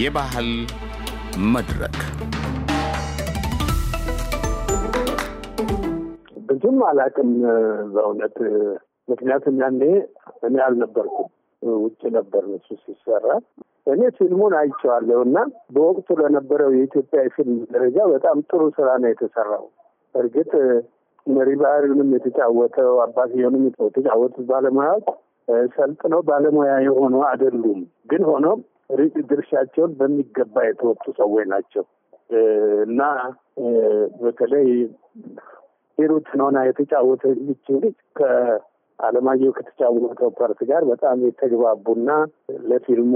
የባህል መድረክ ብዙም አላውቅም በእውነት ምክንያቱም ያኔ እኔ አልነበርኩም፣ ውጭ ነበር እሱ ሲሰራ። እኔ ፊልሙን አይቼዋለሁ እና በወቅቱ ለነበረው የኢትዮጵያ የፊልም ደረጃ በጣም ጥሩ ስራ ነው የተሰራው። እርግጥ መሪ ባህሪውንም የተጫወተው አባትየውንም የተጫወቱት ባለሙያዎች ሰልጥነው ባለሙያ የሆኑ አይደሉም። ግን ሆኖም ድርሻቸውን በሚገባ የተወጡ ሰዎች ናቸው እና በተለይ ሂሩት ኖና ይች ልጅ ከአለማየሁ ከተጫወተው ፓርት ጋር በጣም የተግባቡና ለፊልሙ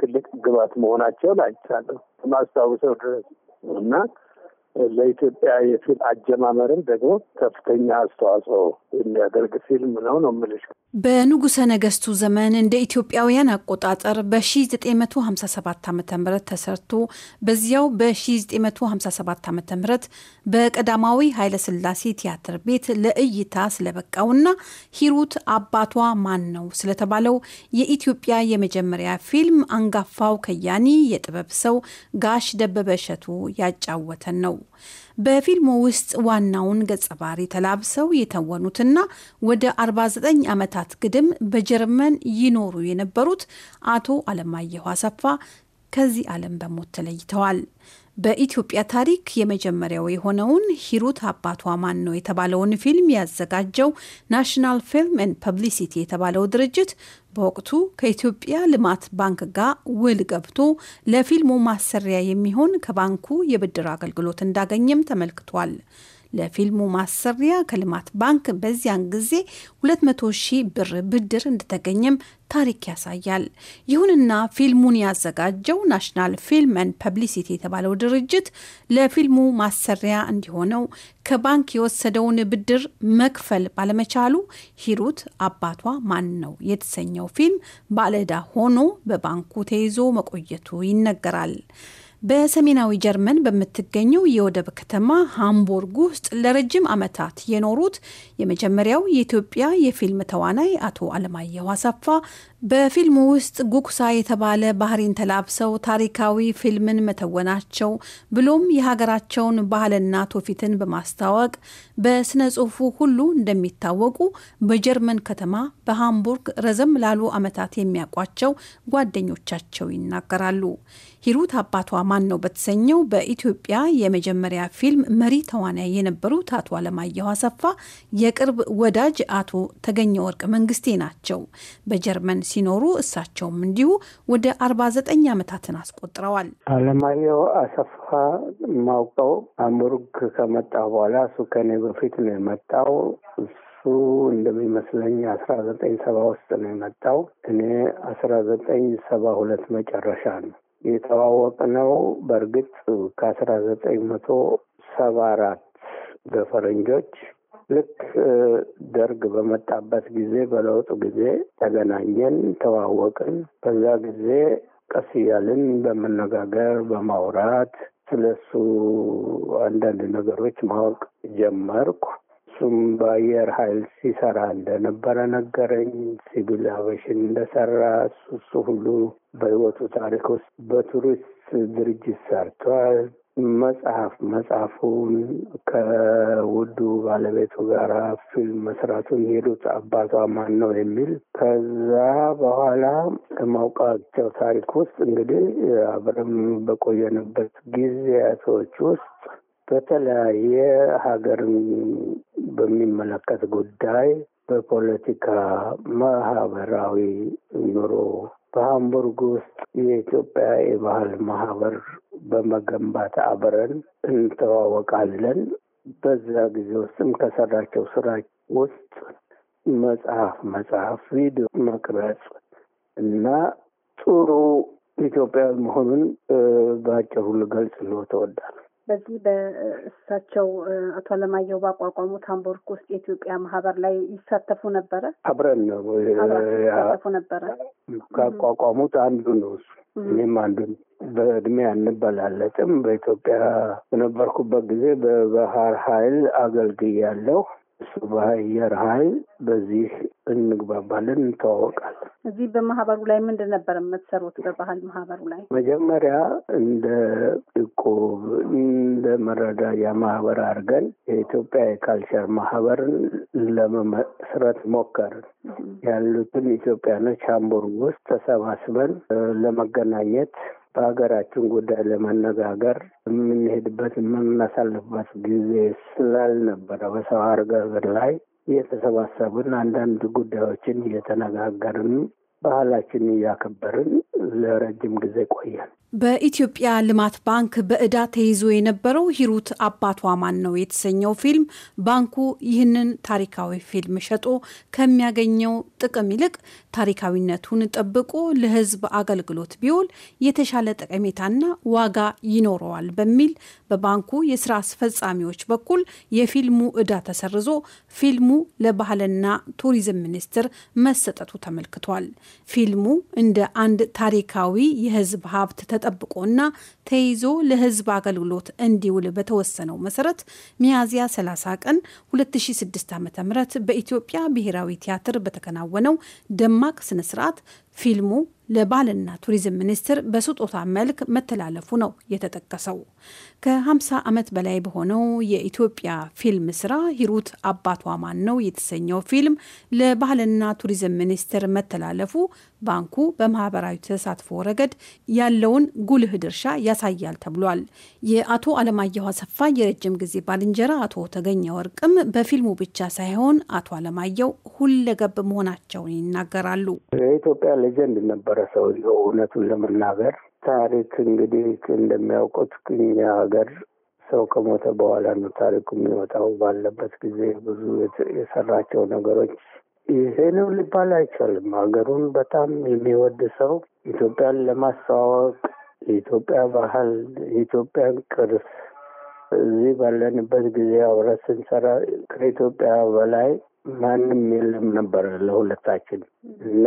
ትልቅ ግባት መሆናቸውን አይቻለሁ ማስታውሰው ድረስ እና ለኢትዮጵያ የፊልም አጀማመርም ደግሞ ከፍተኛ አስተዋጽኦ የሚያደርግ ፊልም ነው ነው የምልሽ። በንጉሰ ነገስቱ ዘመን እንደ ኢትዮጵያውያን አቆጣጠር በ1957 ዓ ም ተሰርቶ በዚያው በ1957 ዓ ም በቀዳማዊ ኃይለስላሴ ቲያትር ቤት ለእይታ ስለበቃውና ሂሩት አባቷ ማን ነው ስለተባለው የኢትዮጵያ የመጀመሪያ ፊልም አንጋፋው ከያኒ የጥበብ ሰው ጋሽ ደበበ እሸቱ ያጫወተን ነው። በፊልሙ ውስጥ ዋናውን ገጸ ባህሪ ተላብሰው የተወኑትና ወደ 49 ዓመታት ግድም በጀርመን ይኖሩ የነበሩት አቶ አለማየሁ አሰፋ ከዚህ ዓለም በሞት ተለይተዋል። በኢትዮጵያ ታሪክ የመጀመሪያው የሆነውን ሂሩት አባቷ ማን ነው የተባለውን ፊልም ያዘጋጀው ናሽናል ፊልም ኤንድ ፐብሊሲቲ የተባለው ድርጅት በወቅቱ ከኢትዮጵያ ልማት ባንክ ጋር ውል ገብቶ ለፊልሙ ማሰሪያ የሚሆን ከባንኩ የብድር አገልግሎት እንዳገኘም ተመልክቷል። ለፊልሙ ማሰሪያ ከልማት ባንክ በዚያን ጊዜ 200 ሺህ ብር ብድር እንደተገኘም ታሪክ ያሳያል። ይሁንና ፊልሙን ያዘጋጀው ናሽናል ፊልም ኤንድ ፐብሊሲቲ የተባለው ድርጅት ለፊልሙ ማሰሪያ እንዲሆነው ከባንክ የወሰደውን ብድር መክፈል ባለመቻሉ ሂሩት አባቷ ማን ነው የተሰኘው ፊልም ባለዕዳ ሆኖ በባንኩ ተይዞ መቆየቱ ይነገራል። በሰሜናዊ ጀርመን በምትገኘው የወደብ ከተማ ሃምቡርግ ውስጥ ለረጅም ዓመታት የኖሩት የመጀመሪያው የኢትዮጵያ የፊልም ተዋናይ አቶ አለማየሁ አሰፋ በፊልሙ ውስጥ ጉኩሳ የተባለ ባህሪን ተላብሰው ታሪካዊ ፊልምን መተወናቸው ብሎም የሀገራቸውን ባህልና ትውፊትን በማስታወቅ በስነ ጽሁፉ ሁሉ እንደሚታወቁ በጀርመን ከተማ በሃምቡርግ ረዘም ላሉ ዓመታት የሚያውቋቸው ጓደኞቻቸው ይናገራሉ። ሂሩት አባቷ ማን ነው በተሰኘው በኢትዮጵያ የመጀመሪያ ፊልም መሪ ተዋናይ የነበሩት አቶ አለማየሁ አሰፋ የቅርብ ወዳጅ አቶ ተገኘ ወርቅ መንግስቴ ናቸው። በጀርመን ሲኖሩ እሳቸውም እንዲሁ ወደ 49 ዓመታትን አስቆጥረዋል። አለማየሁ አሰፋ ማውቀው አምቡርግ ከመጣ በኋላ እሱ ከኔ በፊት ነው የመጣው እሱ እንደሚመስለኝ አስራ ዘጠኝ ሰባ ውስጥ ነው የመጣው። እኔ አስራ ዘጠኝ ሰባ ሁለት መጨረሻ ነው የተዋወቅ ነው። በእርግጥ ከአስራ ዘጠኝ መቶ ሰባ አራት በፈረንጆች ልክ ደርግ በመጣበት ጊዜ በለውጡ ጊዜ ተገናኘን፣ ተዋወቅን። በዛ ጊዜ ቀስ እያልን በመነጋገር በማውራት ስለሱ አንዳንድ ነገሮች ማወቅ ጀመርኩ። እሱም በአየር ኃይል ሲሰራ እንደነበረ ነገረኝ። ሲቪል አቬሽን እንደሰራ እሱ እሱ ሁሉ በህይወቱ ታሪክ ውስጥ በቱሪስት ድርጅት ሰርቷል። መጽሐፍ መጽሐፉን ከውዱ ባለቤቱ ጋር ፊልም መስራቱን የሄዱት አባቷ ማን ነው የሚል ከዛ በኋላ ከማውቃቸው ታሪክ ውስጥ እንግዲህ አብረም በቆየንበት ጊዜያቶች ውስጥ በተለያየ ሀገር በሚመለከት ጉዳይ በፖለቲካ ማህበራዊ ኑሮ በሀምቡርግ ውስጥ የኢትዮጵያ የባህል ማህበር በመገንባት አብረን እንተዋወቃለን። በዛ ጊዜ ውስጥም ከሰራቸው ስራ ውስጥ መጽሐፍ መጽሐፍ፣ ቪዲዮ መቅረጽ እና ጥሩ ኢትዮጵያዊ መሆኑን በአጭሩ ልገልጽ ነው ተወዳል። በዚህ በእሳቸው አቶ አለማየሁ ባቋቋሙት ሃምቡርግ ውስጥ የኢትዮጵያ ማህበር ላይ ይሳተፉ ነበረ። አብረን ነው ይሳተፉ ነበረ። ካቋቋሙት አንዱ ነው እሱ። እኔም አንዱ በእድሜ አንበላለጥም። በኢትዮጵያ በነበርኩበት ጊዜ በባህር ኃይል አገልግያለሁ። እሱ በአየር ኃይል በዚህ እንግባባለን፣ እንተዋወቃለን። እዚህ በማህበሩ ላይ ምንድን ነበር የምትሰሩት? በባህል ማህበሩ ላይ መጀመሪያ እንደ እቁብ እንደ መረዳጃ ማህበር አድርገን የኢትዮጵያ የካልቸር ማህበርን ለመመስረት ሞከርን። ያሉትን ኢትዮጵያኖች ሃምቡርግ ውስጥ ተሰባስበን ለመገናኘት በሀገራችን ጉዳይ ለመነጋገር የምንሄድበት የምናሳልፍበት ጊዜ ስላልነበረ በሰው አርገር ላይ እየተሰባሰብን አንዳንድ ጉዳዮችን እየተነጋገርን ባህላችን እያከበርን ለረጅም ጊዜ ቆያል። በኢትዮጵያ ልማት ባንክ በዕዳ ተይዞ የነበረው ሂሩት አባቷ ማን ነው የተሰኘው ፊልም ባንኩ ይህንን ታሪካዊ ፊልም ሸጦ ከሚያገኘው ጥቅም ይልቅ ታሪካዊነቱን ጠብቆ ለሕዝብ አገልግሎት ቢውል የተሻለ ጠቀሜታና ዋጋ ይኖረዋል በሚል በባንኩ የስራ አስፈጻሚዎች በኩል የፊልሙ ዕዳ ተሰርዞ ፊልሙ ለባህልና ቱሪዝም ሚኒስቴር መሰጠቱ ተመልክቷል። ፊልሙ እንደ አንድ ታሪካዊ የሕዝብ ሀብት ተጠብቆና ተይዞ ለህዝብ አገልግሎት እንዲውል በተወሰነው መሰረት ሚያዝያ 30 ቀን 2006 ዓ ም በኢትዮጵያ ብሔራዊ ቲያትር በተከናወነው ደማቅ ስነስርዓት ፊልሙ ለባህልና ቱሪዝም ሚኒስቴር በስጦታ መልክ መተላለፉ ነው የተጠቀሰው። ከ50 ዓመት በላይ በሆነው የኢትዮጵያ ፊልም ስራ ሂሩት አባቷ ማን ነው የተሰኘው ፊልም ለባህልና ቱሪዝም ሚኒስቴር መተላለፉ ባንኩ በማህበራዊ ተሳትፎ ረገድ ያለውን ጉልህ ድርሻ ያሳያል ተብሏል። የአቶ አለማየሁ አሰፋ የረጅም ጊዜ ባልንጀራ አቶ ተገኘ ወርቅም በፊልሙ ብቻ ሳይሆን አቶ አለማየሁ ሁለገብ መሆናቸውን ይናገራሉ። የኢትዮጵያ ሌጀንድ ነበር ማህበረሰብ ነው። እውነቱን ለመናገር ታሪክ እንግዲህ እንደሚያውቁት እኛ ሀገር ሰው ከሞተ በኋላ ነው ታሪኩ የሚወጣው። ባለበት ጊዜ ብዙ የሰራቸው ነገሮች ይሄ ነው ሊባል አይቻልም። ሀገሩን በጣም የሚወድ ሰው ኢትዮጵያን ለማስተዋወቅ የኢትዮጵያ ባህል፣ የኢትዮጵያን ቅርስ እዚህ ባለንበት ጊዜ አብረን ስንሰራ ከኢትዮጵያ በላይ ማንም የለም ነበረ ለሁለታችን እና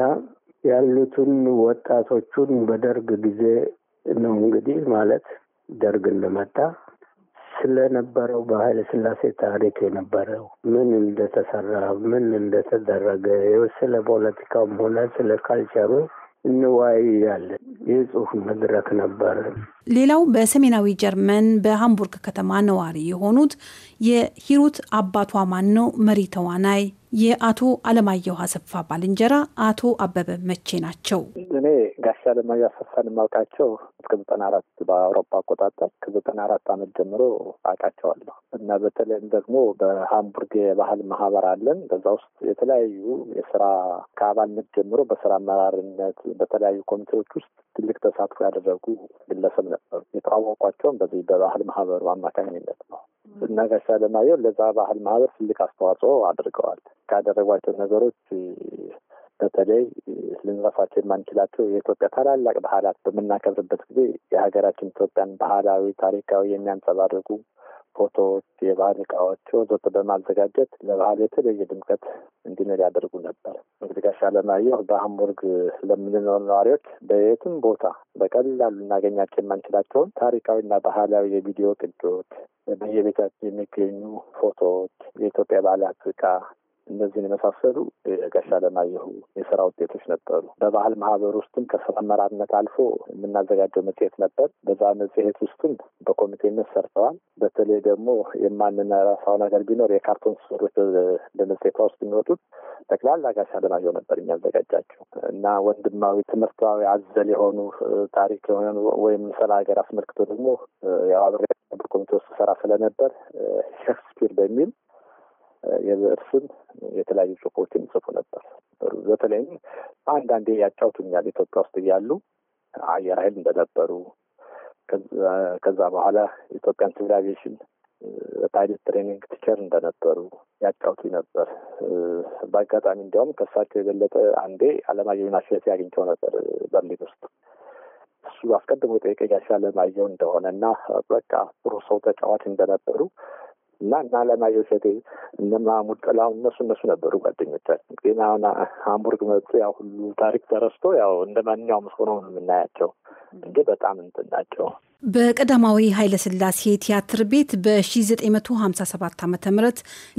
ያሉትን ወጣቶቹን በደርግ ጊዜ ነው እንግዲህ ማለት ደርግ እንደመጣ ስለነበረው በኃይለ ስላሴ ታሪክ የነበረው ምን እንደተሰራ ምን እንደተደረገ ስለ ፖለቲካውም ሆነ ስለ ካልቸሩ እንወያያለን። የጽሁፍ መድረክ ነበር። ሌላው በሰሜናዊ ጀርመን በሃምቡርግ ከተማ ነዋሪ የሆኑት የሂሩት አባቷ ማን ነው መሪ ተዋናይ የአቶ አለማየሁ አሰፋ ባልንጀራ አቶ አበበ መቼ ናቸው። እኔ ጋሻ ለማ ያሰፋን የማውቃቸው እስከ ዘጠና አራት በአውሮፓ አቆጣጠር ከዘጠና አራት አመት ጀምሮ አውቃቸዋለሁ እና በተለይም ደግሞ በሃምቡርግ የባህል ማህበር አለን። በዛ ውስጥ የተለያዩ የስራ ከአባልነት ጀምሮ በስራ አመራርነት በተለያዩ ኮሚቴዎች ውስጥ ትልቅ ተሳትፎ ያደረጉ ግለሰብ ነበሩ። የተዋወቋቸውም በዚህ በባህል ማህበሩ አማካኝነት ነው እና ጋሻ ለማየው ለዛ ባህል ማህበር ትልቅ አስተዋጽኦ አድርገዋል። ካደረጓቸው ነገሮች በተለይ ልንረሳቸው የማንችላቸው የኢትዮጵያ ታላላቅ ባህላት በምናከብርበት ጊዜ የሀገራችን ኢትዮጵያን ባህላዊ፣ ታሪካዊ የሚያንጸባርቁ ፎቶዎች፣ የባህል እቃዎች ወዘተ በማዘጋጀት ለባህል የተለየ ድምቀት እንዲኖር ያደርጉ ነበር። እንግዲህ ጋሻ አለማየሁ በሀምቡርግ ለምንኖር ነዋሪዎች በየትም ቦታ በቀላሉ እናገኛቸው የማንችላቸውን ታሪካዊና ባህላዊ የቪዲዮ ቅጆች፣ በየቤታችን የሚገኙ ፎቶዎች፣ የኢትዮጵያ ባህላት እቃ እነዚህን የመሳሰሉ የጋሻ ለማየሁ የስራ ውጤቶች ነበሩ። በባህል ማህበር ውስጥም ከስራ አመራርነት አልፎ የምናዘጋጀው መጽሔት ነበር። በዛ መጽሔት ውስጥም በኮሚቴነት ሰርተዋል። በተለይ ደግሞ የማንረሳው ነገር ቢኖር የካርቶን ስዕሎች በመጽሔቷ ውስጥ የሚወጡት ጠቅላላ ጋሻ አለማየሁ ነበር የሚያዘጋጃቸው እና ወንድማዊ ትምህርታዊ አዘል የሆኑ ታሪክ የሆነ ወይም ስለ ሀገር አስመልክቶ ደግሞ የአብሬ ኮሚቴ ውስጥ ስራ ስለነበር ሼክስፒር በሚል የብዕር ስም የተለያዩ ጽሁፎችን ይጽፉ ነበር። በተለይም አንዳንዴ ያጫውቱኛል ኢትዮጵያ ውስጥ እያሉ አየር ኃይል እንደነበሩ ከዛ በኋላ ኢትዮጵያን ሲቪል አቪዬሽን ትሬኒንግ ቲቸር እንደነበሩ ያጫውቱ ነበር። በአጋጣሚ እንዲያውም ከእሳቸው የበለጠ አንዴ አለማየሁ ናሸቴ አግኝቸው ነበር በርሊን ውስጥ። እሱ አስቀድሞ ጠየቀኝ አለማየሁ እንደሆነ እና በቃ ጥሩ ሰው ተጫዋች እንደነበሩ እና እና አለማየሁ እሸቴ እነ ማሙድ ጥላሁን እነሱ እነሱ ነበሩ ጓደኞቻችን። ግን አሁን ሀምቡርግ መጡ፣ ያው ሁሉ ታሪክ ተረስቶ ያው እንደ ማንኛውም ሰው ነው የምናያቸው እንጂ በጣም እንትን ናቸው። በቀዳማዊ ኃይለስላሴ ቲያትር ቤት በ1957 ዓ ም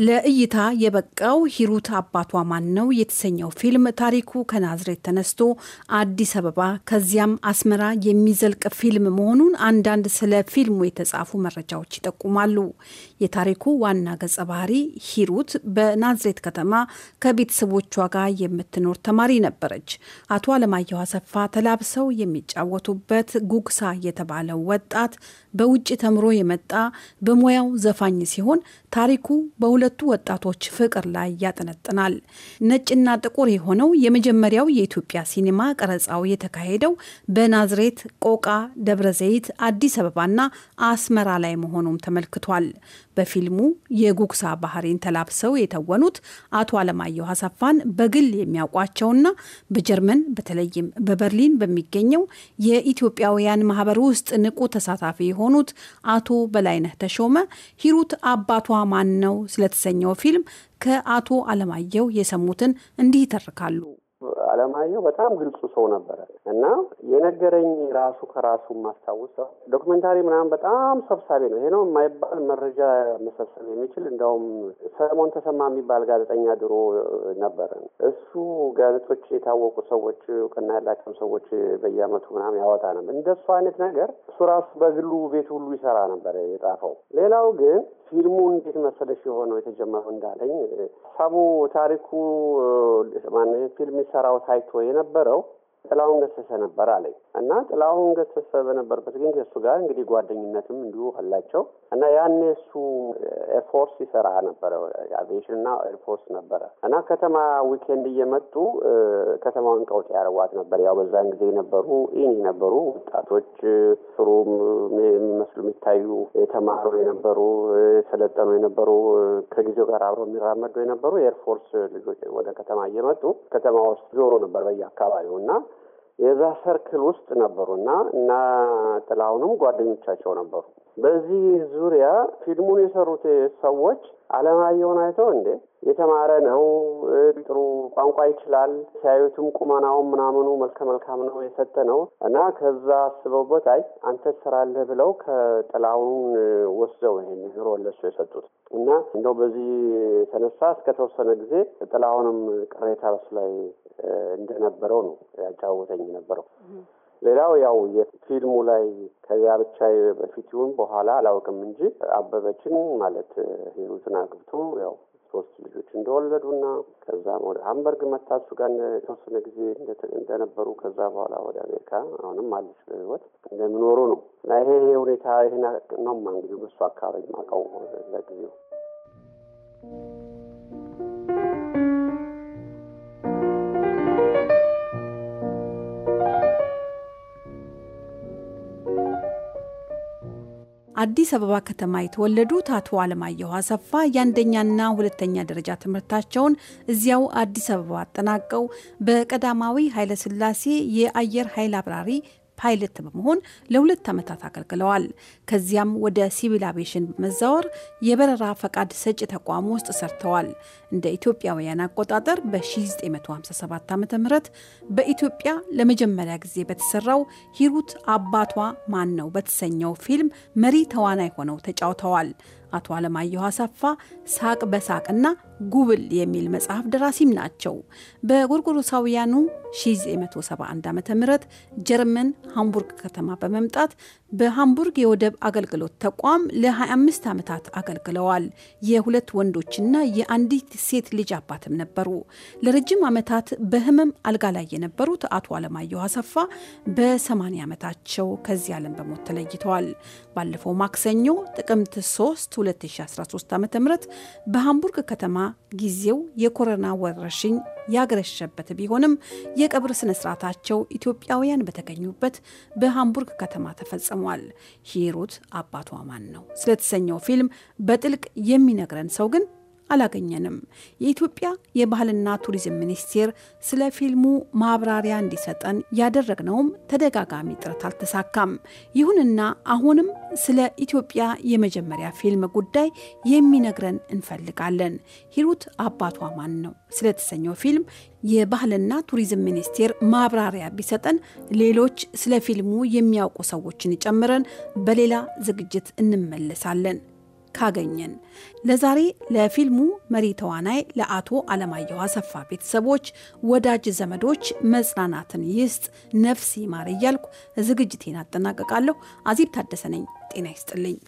ለእይታ የበቃው ሂሩት አባቷ ማን ነው የተሰኘው ፊልም ታሪኩ ከናዝሬት ተነስቶ አዲስ አበባ ከዚያም አስመራ የሚዘልቅ ፊልም መሆኑን አንዳንድ ስለ ፊልሙ የተጻፉ መረጃዎች ይጠቁማሉ። የታሪኩ ዋና ገጸ ባህሪ ሂሩት በናዝሬት ከተማ ከቤተሰቦቿ ጋር የምትኖር ተማሪ ነበረች። አቶ አለማየሁ አሰፋ ተላብሰው የሚጫወቱበት ጉግሳ የተባለው ወጣት በውጭ ተምሮ የመጣ በሙያው ዘፋኝ ሲሆን ታሪኩ በሁለቱ ወጣቶች ፍቅር ላይ ያጠነጥናል። ነጭና ጥቁር የሆነው የመጀመሪያው የኢትዮጵያ ሲኒማ ቀረጻው የተካሄደው በናዝሬት፣ ቆቃ፣ ደብረ ዘይት፣ አዲስ አበባና አስመራ ላይ መሆኑም ተመልክቷል። በፊልሙ የጉግሳ ባህሪን ተላብሰው የተወኑት አቶ አለማየሁ አሰፋን በግል የሚያውቋቸውና በጀርመን በተለይም በበርሊን በሚገኘው የኢትዮጵያውያን ማህበር ውስጥ ንቁ ተሳታፊ የሆኑት አቶ በላይነህ ተሾመ ሂሩት አባቷ ማን ነው ስለተሰኘው ፊልም ከአቶ አለማየሁ የሰሙትን እንዲህ ይተርካሉ። አለማየሁ በጣም ግልጹ ሰው ነበረ እና የነገረኝ ራሱ ከራሱ የማስታውሰው ዶክመንታሪ ምናምን በጣም ሰብሳቢ ነው። ይሄ ነው የማይባል መረጃ መሰብሰብ የሚችል እንዲያውም ሰለሞን ተሰማ የሚባል ጋዜጠኛ ድሮ ነበረ። እሱ ጋዜጦች የታወቁ ሰዎች እውቅና ያላቸውም ሰዎች በየአመቱ ምናምን ያወጣ ነበር። እንደሱ አይነት ነገር እሱ ራሱ በግሉ ቤት ሁሉ ይሰራ ነበረ የጻፈው። ሌላው ግን ፊልሙ እንዴት መሰለሽ የሆነው የተጀመረው እንዳለኝ ሀሳቡ ታሪኩ ማነው ፊልም ሲሰራው ታይቶ የነበረው ጥላሁን ገሰሰ ነበር አለኝ እና ጥላሁን ገሰሰ በነበርበት ግን ከእሱ ጋር እንግዲህ ጓደኝነትም እንዲሁ አላቸው እና ያኔ እሱ ኤርፎርስ ይሰራ ነበረ፣ አቪዬሽን እና ኤርፎርስ ነበረ እና ከተማ ዊኬንድ እየመጡ ከተማውን ቀውጥ ያረዋት ነበር። ያው በዛን ጊዜ ነበሩ ኢኒ ነበሩ ወጣቶች ጥሩ የሚመስሉ የሚታዩ የተማሩ የነበሩ የሰለጠኑ የነበሩ ከጊዜው ጋር አብረው የሚራመዱ የነበሩ የኤርፎርስ ልጆች ወደ ከተማ እየመጡ ከተማ ውስጥ ዞሮ ነበር በየአካባቢው እና የዛ ሰርክል ውስጥ ነበሩ እና እና ጥላሁንም ጓደኞቻቸው ነበሩ። በዚህ ዙሪያ ፊልሙን የሰሩት ሰዎች አለማየሁን አይቶ እንዴ የተማረ ነው፣ ጥሩ ቋንቋ ይችላል፣ ሲያዩትም ቁመናውም ምናምኑ መልከ መልካም ነው የሰጠ ነው እና ከዛ አስበውበት አይ አንተ ትሰራለህ ብለው ከጥላውን ወስደው ይሄን ቢሮ ለሱ የሰጡት እና እንደው በዚህ የተነሳ እስከ ተወሰነ ጊዜ ጥላውንም ቅሬታ በሱ ላይ እንደነበረው ነው ያጫወተኝ ነበረው። ሌላው ያው የፊልሙ ላይ ከዚያ ብቻ በፊት ይሁን በኋላ አላውቅም እንጂ አበበችን ማለት ሂሩትን አግብቶ ያው ሶስት ልጆች እንደወለዱ እንደወለዱና ከዛም ወደ ሀምበርግ መታ እሱ ጋር የተወሰነ ጊዜ እንደነበሩ ከዛ በኋላ ወደ አሜሪካ አሁንም አለች በህይወት እንደሚኖሩ ነው እና ይሄ ይሄ ሁኔታ ይህን ነው እንግዲህ በሱ አካባቢ ማቀው ለጊዜው አዲስ አበባ ከተማ የተወለዱት አቶ አለማየሁ አሰፋ የአንደኛና ሁለተኛ ደረጃ ትምህርታቸውን እዚያው አዲስ አበባ አጠናቀው በቀዳማዊ ኃይለስላሴ የአየር ኃይል አብራሪ ፓይለት በመሆን ለሁለት ዓመታት አገልግለዋል። ከዚያም ወደ ሲቪል አቪዬሽን በመዛወር የበረራ ፈቃድ ሰጪ ተቋም ውስጥ ሰርተዋል። እንደ ኢትዮጵያውያን አቆጣጠር በ1957 ዓ ም በኢትዮጵያ ለመጀመሪያ ጊዜ በተሰራው ሂሩት አባቷ ማን ነው በተሰኘው ፊልም መሪ ተዋናይ ሆነው ተጫውተዋል። አቶ አለማየሁ አሰፋ ሳቅ በሳቅ እና? ጉብል የሚል መጽሐፍ ደራሲም ናቸው። በጎርጎሮሳውያኑ 1971 ዓ ም ጀርመን ሃምቡርግ ከተማ በመምጣት በሃምቡርግ የወደብ አገልግሎት ተቋም ለ25 ዓመታት አገልግለዋል። የሁለት ወንዶችና የአንዲት ሴት ልጅ አባትም ነበሩ። ለረጅም ዓመታት በህመም አልጋ ላይ የነበሩት አቶ አለማየሁ አሰፋ በ80 ዓመታቸው ከዚህ ዓለም በሞት ተለይተዋል። ባለፈው ማክሰኞ ጥቅምት 3 2013 ዓ ም በሃምቡርግ ከተማ ጊዜው የኮሮና ወረርሽኝ ያገረሸበት ቢሆንም የቀብር ስነ ስርዓታቸው ኢትዮጵያውያን በተገኙበት በሃምቡርግ ከተማ ተፈጽሟል። ሂሩት አባቷ ማን ነው ስለተሰኘው ፊልም በጥልቅ የሚነግረን ሰው ግን አላገኘንም። የኢትዮጵያ የባህልና ቱሪዝም ሚኒስቴር ስለ ፊልሙ ማብራሪያ እንዲሰጠን ያደረግነውም ተደጋጋሚ ጥረት አልተሳካም። ይሁንና አሁንም ስለ ኢትዮጵያ የመጀመሪያ ፊልም ጉዳይ የሚነግረን እንፈልጋለን። ሂሩት አባቷ ማን ነው ስለተሰኘው ፊልም የባህልና ቱሪዝም ሚኒስቴር ማብራሪያ ቢሰጠን ሌሎች ስለ ፊልሙ የሚያውቁ ሰዎችን ጨምረን በሌላ ዝግጅት እንመለሳለን። ካገኘን ለዛሬ ለፊልሙ መሪ ተዋናይ ለአቶ አለማየሁ አሰፋ ቤተሰቦች፣ ወዳጅ ዘመዶች መጽናናትን ይስጥ፣ ነፍስ ይማር እያልኩ ዝግጅቴን አጠናቀቃለሁ። አዜብ ታደሰ ነኝ። ጤና ይስጥልኝ።